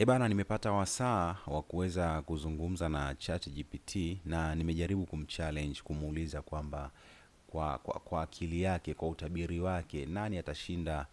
E bana, nimepata wasaa wa kuweza kuzungumza na ChatGPT na nimejaribu kumchallenge, kumuuliza kwamba kwa, kwa, kwa akili yake, kwa utabiri wake, nani atashinda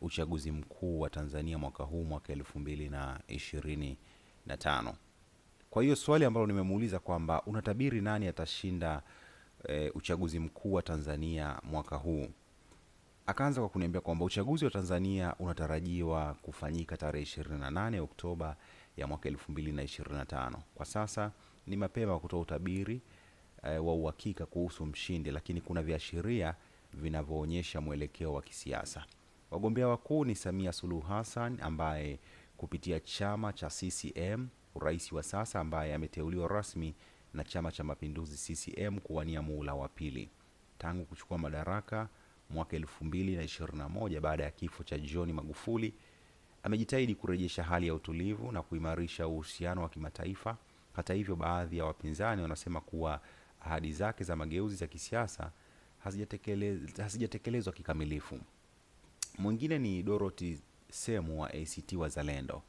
uchaguzi mkuu wa Tanzania mwaka huu, mwaka elfu mbili na ishirini na tano. Kwa hiyo swali ambalo nimemuuliza kwamba unatabiri nani atashinda e, uchaguzi mkuu wa Tanzania mwaka huu akaanza kwa kuniambia kwamba uchaguzi wa Tanzania unatarajiwa kufanyika tarehe 28 Oktoba ya mwaka 2025. Kwa sasa ni mapema kutoa utabiri e, wa uhakika kuhusu mshindi, lakini kuna viashiria vinavyoonyesha mwelekeo wa kisiasa. Wagombea wakuu ni Samia Suluhu Hassan ambaye kupitia chama cha CCM, rais wa sasa ambaye ameteuliwa rasmi na Chama cha Mapinduzi CCM kuwania muhula wa pili tangu kuchukua madaraka mwaka moja baada ya kifo cha John Magufuli, amejitahidi kurejesha hali ya utulivu na kuimarisha uhusiano wa kimataifa. Hata hivyo, baadhi ya wapinzani wanasema kuwa ahadi zake za mageuzi za kisiasa hazijatekelezwa kikamilifu. Mwingine ni Dorothy Semu wa ACT Wazalendo.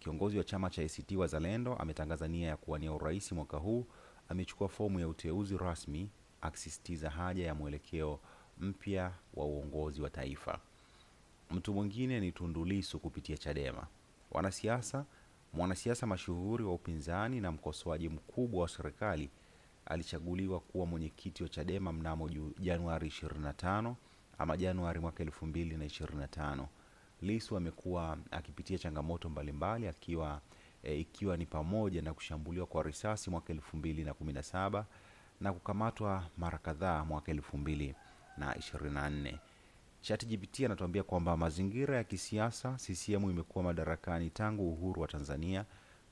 Kiongozi wa chama cha ACT Wazalendo ametangaza nia ya kuwania urais mwaka huu. Amechukua fomu ya uteuzi rasmi akisisitiza haja ya mwelekeo mpya wa uongozi wa taifa. Mtu mwingine ni Tundu kupitia Chadema. Wanasiasa, mwanasiasa mashuhuri wa upinzani na mkosoaji mkubwa wa serikali alichaguliwa kuwa mwenyekiti wa Chadema mnamo Januari 25 ama Januari mwaka 2025. Lisu amekuwa akipitia changamoto mbalimbali akiwa e, ikiwa ni pamoja na kushambuliwa kwa risasi mwaka 2017 na kukamatwa mara kadhaa mwaka 2020 na 24. ChatGPT anatuambia kwamba mazingira ya kisiasa, CCM imekuwa madarakani tangu uhuru wa Tanzania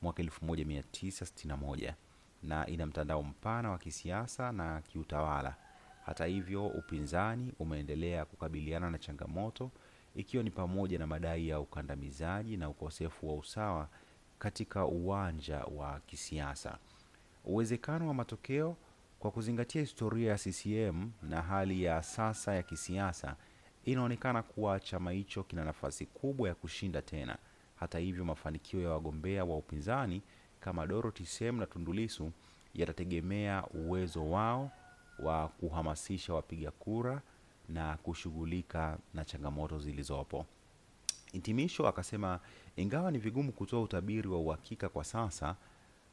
mwaka 1961 na ina mtandao mpana wa kisiasa na kiutawala. Hata hivyo, upinzani umeendelea kukabiliana na changamoto ikiwa ni pamoja na madai ya ukandamizaji na ukosefu wa usawa katika uwanja wa kisiasa. Uwezekano wa matokeo kwa kuzingatia historia ya CCM na hali ya sasa ya kisiasa, inaonekana kuwa chama hicho kina nafasi kubwa ya kushinda tena. Hata hivyo, mafanikio ya wagombea wa upinzani kama Dorothy Semu na Tundu Lissu yatategemea uwezo wao wa kuhamasisha wapiga kura na kushughulika na changamoto zilizopo. Hitimisho akasema ingawa ni vigumu kutoa utabiri wa uhakika kwa sasa,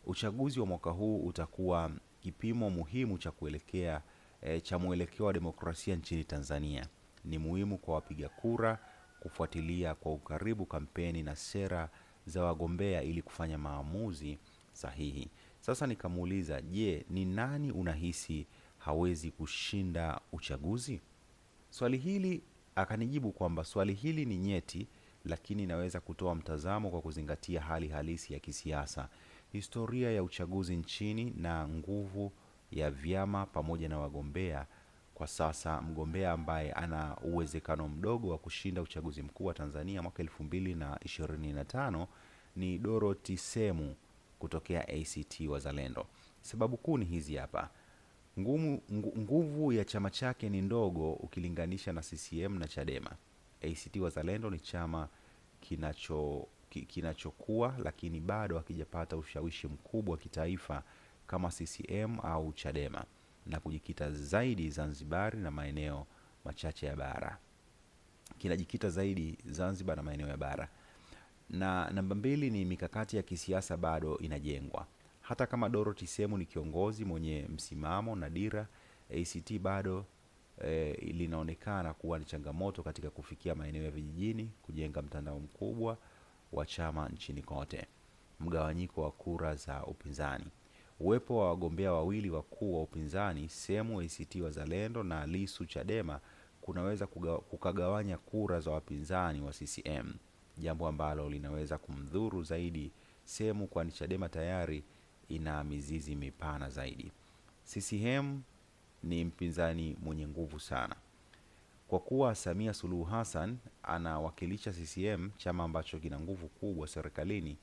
uchaguzi wa mwaka huu utakuwa kipimo muhimu cha kuelekea e, cha mwelekeo wa demokrasia nchini Tanzania. Ni muhimu kwa wapiga kura kufuatilia kwa ukaribu kampeni na sera za wagombea ili kufanya maamuzi sahihi. Sasa nikamuuliza, je, ni nani unahisi hawezi kushinda uchaguzi? Swali hili akanijibu kwamba swali hili ni nyeti, lakini naweza kutoa mtazamo kwa kuzingatia hali halisi ya kisiasa historia ya uchaguzi nchini na nguvu ya vyama pamoja na wagombea. Kwa sasa mgombea ambaye ana uwezekano mdogo wa kushinda uchaguzi mkuu wa Tanzania mwaka 2025 ni Dorothy Semu kutokea ACT Wazalendo. Sababu kuu ni hizi hapa. Ngumu, nguvu ya chama chake ni ndogo ukilinganisha na CCM na Chadema. ACT Wazalendo ni chama kinacho kinachokuwa lakini bado hakijapata ushawishi mkubwa wa kitaifa kama CCM au Chadema na kujikita zaidi Zanzibar na maeneo machache ya bara. Kinajikita zaidi Zanzibar na maeneo ya bara. Na namba mbili ni mikakati ya kisiasa bado inajengwa. Hata kama Dorothy Semu ni kiongozi mwenye msimamo na dira, ACT bado e, linaonekana kuwa ni changamoto katika kufikia maeneo ya vijijini, kujenga mtandao mkubwa wa chama nchini kote, mgawanyiko wa kura za upinzani, uwepo wa wagombea wawili wakuu wa upinzani sehemu ACT Wazalendo na lisu Chadema kunaweza kukagawanya kura za wapinzani wa CCM, jambo ambalo linaweza kumdhuru zaidi sehemu, kwani Chadema tayari ina mizizi mipana zaidi. CCM ni mpinzani mwenye nguvu sana. Kwa kuwa Samia Suluhu Hassan anawakilisha CCM, chama ambacho kina nguvu kubwa serikalini,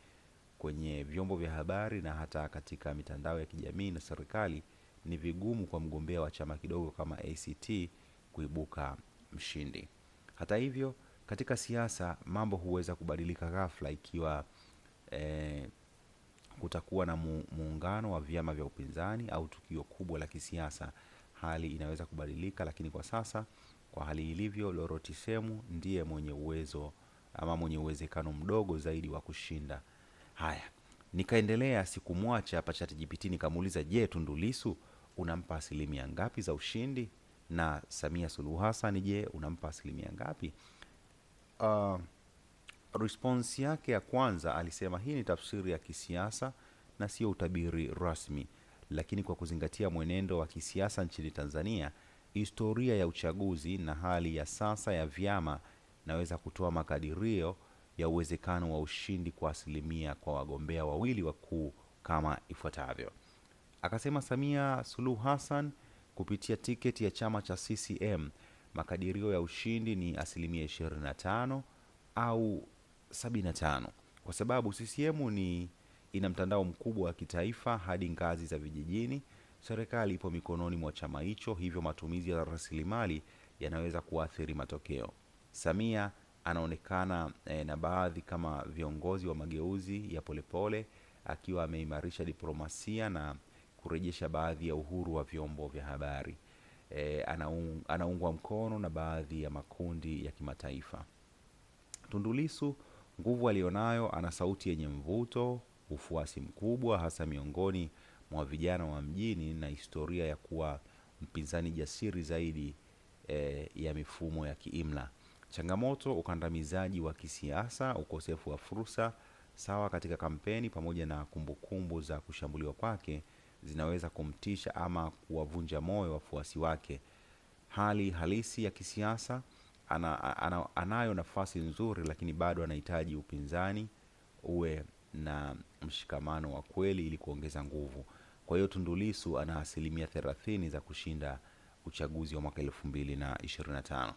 kwenye vyombo vya habari na hata katika mitandao ya kijamii na serikali, ni vigumu kwa mgombea wa chama kidogo kama ACT kuibuka mshindi. Hata hivyo, katika siasa mambo huweza kubadilika ghafla ikiwa eh, kutakuwa na muungano wa vyama vya upinzani au tukio kubwa la kisiasa, hali inaweza kubadilika, lakini kwa sasa kwa hali ilivyo, Lorotisemu ndiye mwenye uwezo ama mwenye uwezekano mdogo zaidi wa kushinda haya. Nikaendelea, sikumwacha ChatGPT nikamuuliza, je, tundulisu unampa asilimia ngapi za ushindi? Na Samia Suluhu Hassan, je, unampa asilimia ngapi? Uh, response yake ya kwanza alisema hii ni tafsiri ya kisiasa na sio utabiri rasmi, lakini kwa kuzingatia mwenendo wa kisiasa nchini Tanzania historia ya uchaguzi na hali ya sasa ya vyama naweza kutoa makadirio ya uwezekano wa ushindi kwa asilimia kwa wagombea wawili wakuu kama ifuatavyo. Akasema Samia Suluhu Hassan kupitia tiketi ya chama cha CCM makadirio ya ushindi ni asilimia 25 au 75, kwa sababu CCM ni ina mtandao mkubwa wa kitaifa hadi ngazi za vijijini serikali ipo mikononi mwa chama hicho, hivyo matumizi ya rasilimali yanaweza kuathiri matokeo. Samia anaonekana e, na baadhi kama viongozi wa mageuzi ya polepole akiwa ameimarisha diplomasia na kurejesha baadhi ya uhuru wa vyombo vya habari. E, anaung, anaungwa mkono na baadhi ya makundi ya kimataifa. Tundu Lissu nguvu aliyonayo, ana sauti yenye mvuto, ufuasi mkubwa hasa miongoni mwa vijana wa mjini na historia ya kuwa mpinzani jasiri zaidi e, ya mifumo ya kiimla. Changamoto: ukandamizaji wa kisiasa, ukosefu wa fursa sawa katika kampeni, pamoja na kumbukumbu za kushambuliwa kwake zinaweza kumtisha ama kuwavunja moyo wafuasi wake. Hali halisi ya kisiasa: ana, ana, anayo nafasi nzuri, lakini bado anahitaji upinzani uwe na mshikamano wa kweli ili kuongeza nguvu. Kwa hiyo tundulisu ana asilimia 30 za kushinda uchaguzi wa mwaka 2025.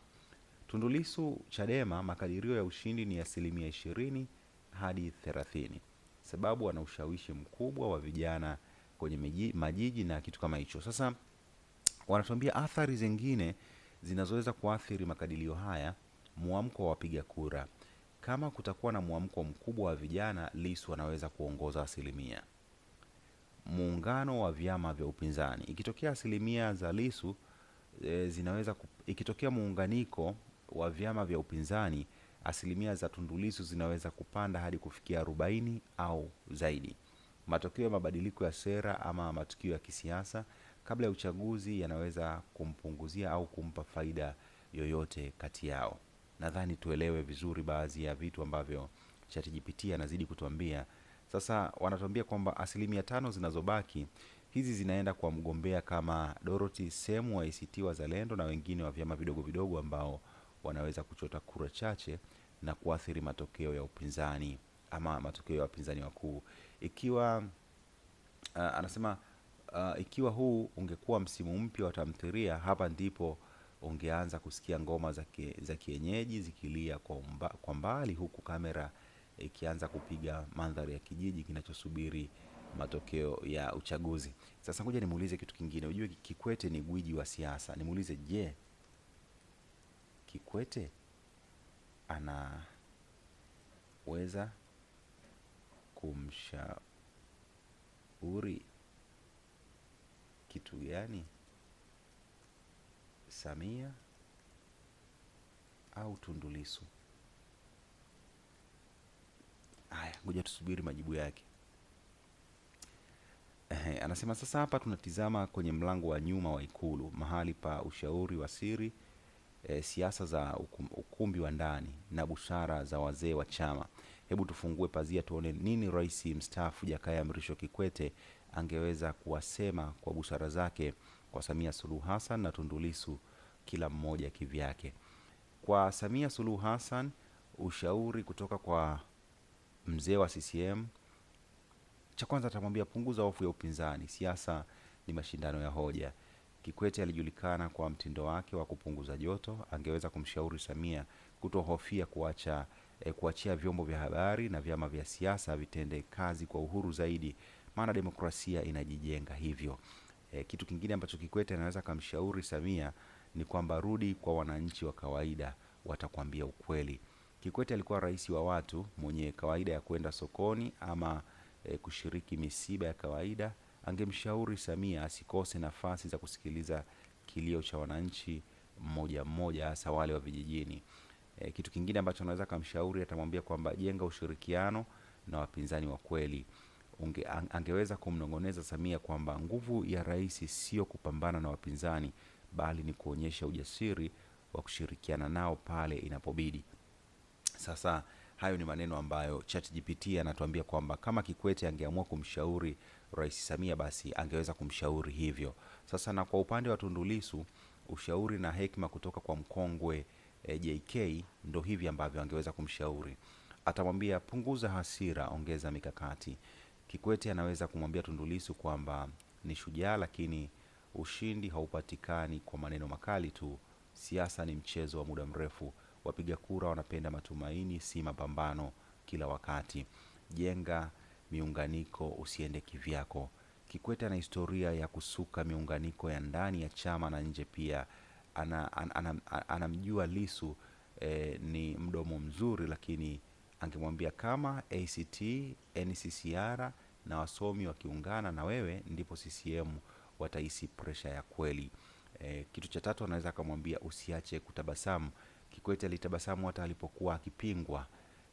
tundulisu Chadema, makadirio ya ushindi ni asilimia 20 hadi 30, sababu ana ushawishi mkubwa wa vijana kwenye majiji na kitu kama hicho. Sasa wanatuambia athari zingine zinazoweza kuathiri makadirio haya, mwamko wa wapiga kura. Kama kutakuwa na mwamko mkubwa wa vijana, lisu anaweza kuongoza asilimia muungano wa vyama vya upinzani. Ikitokea asilimia za lisu e, zinaweza kup... ikitokea muunganiko wa vyama vya upinzani asilimia za Tundu zinaweza kupanda hadi kufikia arobaini au zaidi. Matokeo ya mabadiliko ya sera ama matukio ya kisiasa kabla ya uchaguzi yanaweza kumpunguzia au kumpa faida yoyote kati yao. Nadhani tuelewe vizuri baadhi ya vitu ambavyo ChatGPT anazidi kutuambia sasa wanatuambia kwamba asilimia tano zinazobaki hizi zinaenda kwa mgombea kama Dorothy Semu wa ACT Wazalendo na wengine wa vyama vidogo vidogo ambao wanaweza kuchota kura chache na kuathiri matokeo ya upinzani ama matokeo ya wapinzani wakuu. Ikiwa uh, anasema uh, ikiwa huu ungekuwa msimu mpya wa tamthilia, hapa ndipo ungeanza kusikia ngoma za kienyeji zikilia kwa, umba, kwa mbali huku kamera ikianza kupiga mandhari ya kijiji kinachosubiri matokeo ya uchaguzi. Sasa ngoja nimuulize kitu kingine. Ujue Kikwete ni gwiji wa siasa. Nimuulize, je, Kikwete anaweza kumshauri kitu gani Samia au Tundu Lissu? Haya, ngoja tusubiri majibu yake. Ehe, anasema sasa hapa tunatizama kwenye mlango wa nyuma wa Ikulu, mahali pa ushauri wa siri e, siasa za ukumbi wa ndani na busara za wazee wa chama. Hebu tufungue pazia tuone nini Rais mstaafu Jakaya Mrisho Kikwete angeweza kuwasema kwa busara zake kwa Samia Suluhu Hassan na Tundu Lissu, kila mmoja kivyake. Kwa Samia Suluhu Hassan, ushauri kutoka kwa mzee wa CCM, cha kwanza atamwambia punguza hofu ya upinzani, siasa ni mashindano ya hoja. Kikwete alijulikana kwa mtindo wake wa kupunguza joto, angeweza kumshauri Samia kutohofia kuacha eh, kuachia vyombo vya habari na vyama vya siasa vitende kazi kwa uhuru zaidi, maana demokrasia inajijenga hivyo. Eh, kitu kingine ambacho Kikwete anaweza kumshauri Samia ni kwamba rudi kwa wananchi wa kawaida, watakwambia ukweli. Kikwete alikuwa rais wa watu mwenye kawaida ya kwenda sokoni ama e, kushiriki misiba ya kawaida. Angemshauri Samia asikose nafasi za kusikiliza kilio cha wananchi mmoja mmoja, hasa wale wa vijijini. E, kitu kingine ambacho anaweza akamshauri, atamwambia kwamba jenga ushirikiano na wapinzani wa kweli. Unge, angeweza kumnong'oneza Samia kwamba nguvu ya rais sio kupambana na wapinzani, bali ni kuonyesha ujasiri wa kushirikiana nao pale inapobidi. Sasa hayo ni maneno ambayo ChatGPT anatuambia kwamba kama Kikwete angeamua kumshauri Rais Samia basi angeweza kumshauri hivyo. Sasa na kwa upande wa tundulisu ushauri na hekima kutoka kwa mkongwe e, eh, JK ndo hivi ambavyo angeweza kumshauri. Atamwambia punguza hasira, ongeza mikakati. Kikwete anaweza kumwambia tundulisu kwamba ni shujaa, lakini ushindi haupatikani kwa maneno makali tu. Siasa ni mchezo wa muda mrefu. Wapiga kura wanapenda matumaini, si mapambano kila wakati. Jenga miunganiko, usiende kivyako. Kikwete ana historia ya kusuka miunganiko ya ndani ya chama na nje pia. Anamjua ana, ana, ana, Lisu eh, ni mdomo mzuri, lakini angemwambia kama ACT, NCCR na wasomi wakiungana na wewe, ndipo CCM watahisi presha ya kweli. Eh, kitu cha tatu anaweza akamwambia usiache kutabasamu. Kikwete alitabasamu hata alipokuwa akipingwa.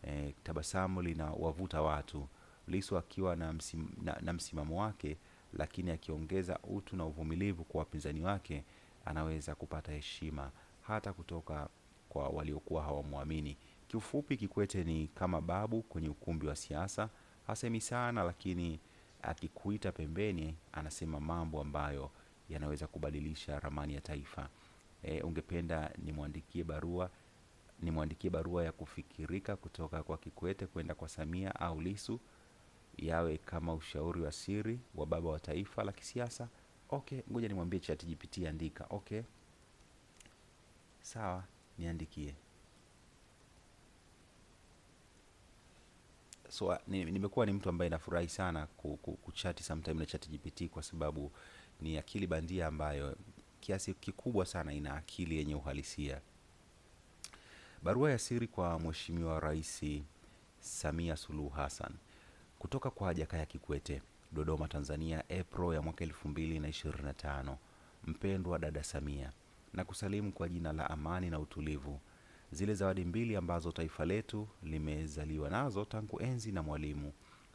E, tabasamu linawavuta watu. Lissu akiwa na, msim, na, na msimamo wake, lakini akiongeza utu na uvumilivu kwa wapinzani wake, anaweza kupata heshima hata kutoka kwa waliokuwa hawamwamini. Kiufupi, Kikwete ni kama babu kwenye ukumbi wa siasa, hasemi sana, lakini akikuita pembeni, anasema mambo ambayo yanaweza kubadilisha ramani ya taifa e, ungependa nimwandikie barua nimwandikie barua ya kufikirika kutoka kwa Kikwete kwenda kwa Samia au Lisu, yawe kama ushauri wa siri wa baba wa taifa la kisiasa? Okay, ngoja nimwambie ChatGPT andika. Okay, sawa, niandikie. So nimekuwa ni mtu ambaye nafurahi sana kuchati sometime na ChatGPT kwa sababu ni akili bandia ambayo kiasi kikubwa sana ina akili yenye uhalisia. Barua ya siri kwa Mheshimiwa Rais Samia Suluhu Hassan kutoka kwa Jakaya Kikwete, Dodoma, Tanzania, April ya mwaka 2025. Mpendwa dada Samia, na kusalimu kwa jina la amani na utulivu. Zile zawadi mbili ambazo taifa letu limezaliwa nazo tangu enzi na Mwalimu,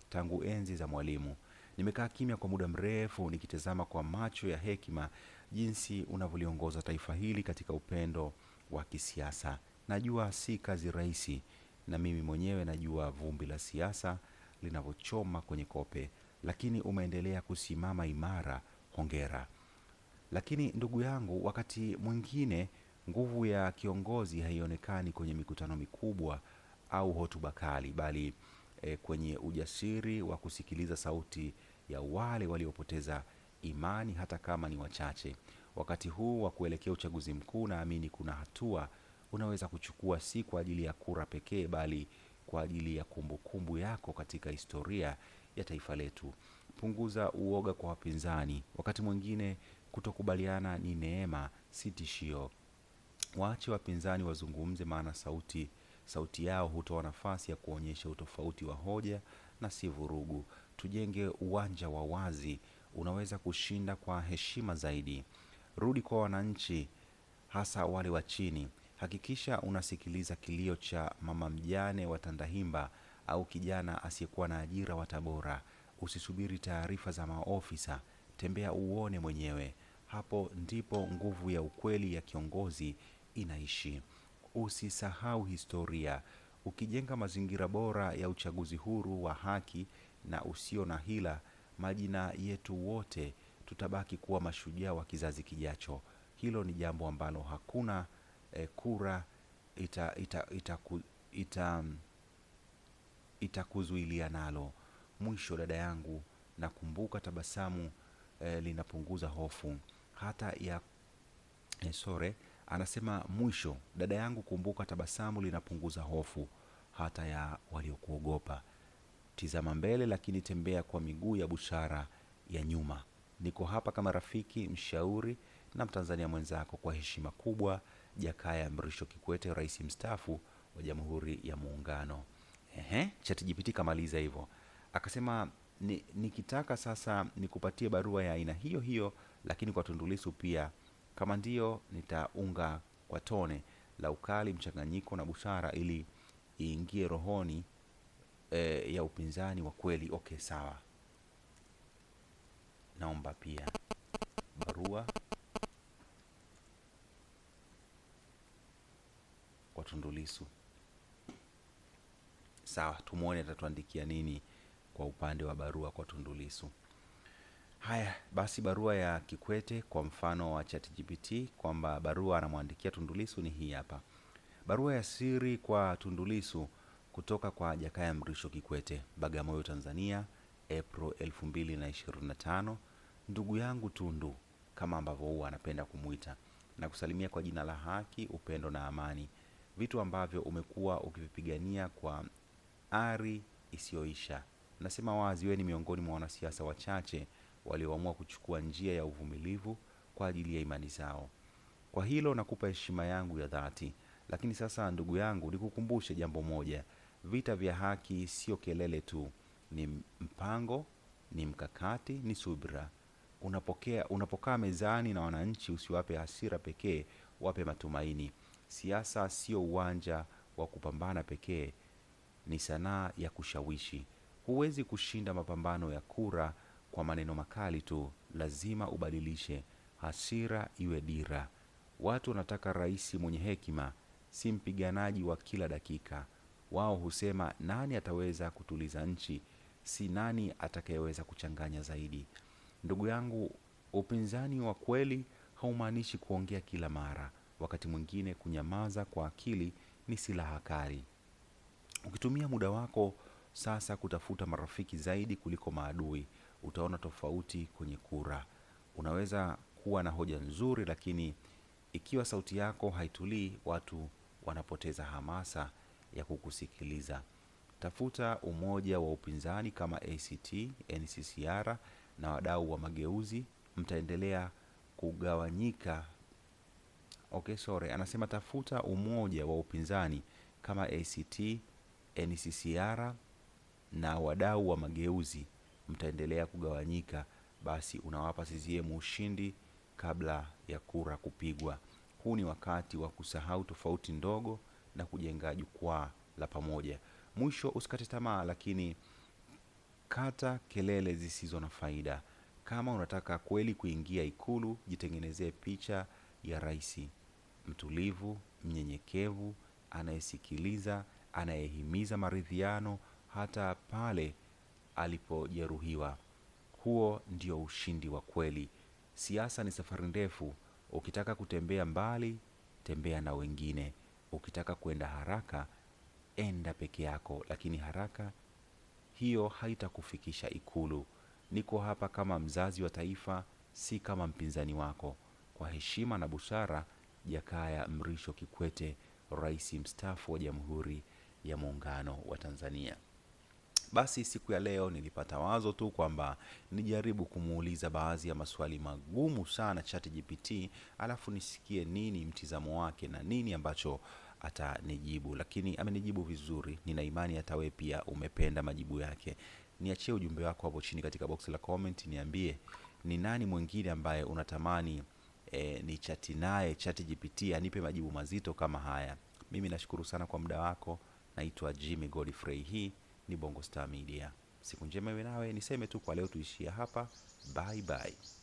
tangu enzi za Mwalimu, Nimekaa kimya kwa muda mrefu nikitazama kwa macho ya hekima jinsi unavyoliongoza taifa hili katika upendo wa kisiasa. Najua si kazi rahisi, na mimi mwenyewe najua vumbi la siasa linavyochoma kwenye kope, lakini umeendelea kusimama imara. Hongera. Lakini ndugu yangu, wakati mwingine nguvu ya kiongozi haionekani kwenye mikutano mikubwa au hotuba kali, bali e, kwenye ujasiri wa kusikiliza sauti ya wale waliopoteza imani hata kama ni wachache. Wakati huu wa kuelekea uchaguzi mkuu, naamini kuna hatua unaweza kuchukua, si kwa ajili ya kura pekee, bali kwa ajili ya kumbukumbu kumbu yako katika historia ya taifa letu. Punguza uoga kwa wapinzani. Wakati mwingine kutokubaliana ni neema, si tishio. Waache wapinzani wazungumze, maana sauti sauti yao hutoa nafasi ya kuonyesha utofauti wa hoja na si vurugu tujenge uwanja wa wazi, unaweza kushinda kwa heshima zaidi. Rudi kwa wananchi, hasa wale wa chini. Hakikisha unasikiliza kilio cha mama mjane wa Tandahimba au kijana asiyekuwa na ajira wa Tabora. Usisubiri taarifa za maofisa, tembea uone mwenyewe. Hapo ndipo nguvu ya ukweli ya kiongozi inaishi. Usisahau historia. Ukijenga mazingira bora ya uchaguzi huru wa haki na usio na hila, majina yetu wote tutabaki kuwa mashujaa wa kizazi kijacho. Hilo ni jambo ambalo hakuna eh, kura itakuzuilia ita, ita, ita, ita nalo. Mwisho dada yangu, nakumbuka tabasamu eh, linapunguza hofu hata ya eh, sore anasema mwisho, dada yangu, kumbuka tabasamu linapunguza hofu hata ya waliokuogopa tizama mbele, lakini tembea kwa miguu ya busara ya nyuma. Niko hapa kama rafiki, mshauri na Mtanzania mwenzako kwa heshima kubwa, Jakaya Mrisho Kikwete, rais mstaafu wa Jamhuri ya Muungano. Ehe, ChatGPT kamaliza hivyo, akasema ni, nikitaka sasa nikupatie barua ya aina hiyo hiyo lakini kwa tundulisu pia, kama ndiyo, nitaunga kwa tone la ukali, mchanganyiko na busara, ili iingie rohoni Eh, ya upinzani wa kweli. Okay, sawa, naomba pia barua kwa Tundu Lissu. Sawa, tumwone atatuandikia nini kwa upande wa barua kwa Tundu Lissu. Haya basi, barua ya Kikwete kwa mfano wa ChatGPT kwamba barua anamwandikia Tundu Lissu ni hii hapa. Barua ya siri kwa Tundu Lissu kutoka kwa Jakaya Mrisho Kikwete, Bagamoyo, Tanzania, April 2025. Ndugu yangu Tundu, kama ambavyo huwa anapenda kumwita, na kusalimia kwa jina la haki, upendo na amani, vitu ambavyo umekuwa ukivipigania kwa ari isiyoisha. Nasema wazi, wewe ni miongoni mwa wanasiasa wachache walioamua kuchukua njia ya uvumilivu kwa ajili ya imani zao. Kwa hilo nakupa heshima yangu ya dhati, lakini sasa, ndugu yangu, nikukumbushe jambo moja. Vita vya haki sio kelele tu, ni mpango, ni mkakati, ni subira. Unapokea, unapokaa mezani na wananchi usiwape hasira pekee, wape matumaini. Siasa sio uwanja wa kupambana pekee, ni sanaa ya kushawishi. Huwezi kushinda mapambano ya kura kwa maneno makali tu, lazima ubadilishe. Hasira iwe dira. Watu wanataka rais mwenye hekima, si mpiganaji wa kila dakika wao husema nani ataweza kutuliza nchi, si nani atakayeweza kuchanganya zaidi. Ndugu yangu, upinzani wa kweli haumaanishi kuongea kila mara. Wakati mwingine kunyamaza kwa akili ni silaha kali. Ukitumia muda wako sasa kutafuta marafiki zaidi kuliko maadui, utaona tofauti kwenye kura. Unaweza kuwa na hoja nzuri, lakini ikiwa sauti yako haitulii, watu wanapoteza hamasa ya kukusikiliza. Tafuta umoja wa upinzani kama ACT, NCCR na wadau wa mageuzi, mtaendelea kugawanyika. Okay, sorry, anasema tafuta umoja wa upinzani kama ACT, NCCR na wadau wa mageuzi, mtaendelea kugawanyika. Basi unawapa CCM ushindi kabla ya kura kupigwa. Huu ni wakati wa kusahau tofauti ndogo na kujenga jukwaa la pamoja. Mwisho, usikate tamaa, lakini kata kelele zisizo na faida. Kama unataka kweli kuingia Ikulu, jitengenezee picha ya rais mtulivu, mnyenyekevu, anayesikiliza, anayehimiza maridhiano hata pale alipojeruhiwa. Huo ndio ushindi wa kweli. Siasa ni safari ndefu. Ukitaka kutembea mbali, tembea na wengine. Ukitaka kwenda haraka, enda peke yako, lakini haraka hiyo haitakufikisha Ikulu. Niko hapa kama mzazi wa taifa, si kama mpinzani wako. Kwa heshima na busara, Jakaya Mrisho Kikwete, Rais mstaafu wa Jamhuri ya Muungano wa Tanzania. Basi siku ya leo nilipata wazo tu kwamba nijaribu kumuuliza baadhi ya maswali magumu sana gpt alafu nisikie nini mtizamo wake na nini ambacho atanijibu, lakini amenijibu vizuri. Nina imani hata wewe pia umependa majibu yake. Niachie ujumbe wako hapo chini katika box la comment, niambie ni nani mwingine ambaye unatamani e, ni chati naye GPT anipe majibu mazito kama haya. Mimi nashukuru sana kwa muda wako. Naitwa Jimmy Godfrey, hii ni Bongo Star Media. Siku njema iwe nawe. Niseme tu kwa leo tuishia hapa. Bye bye.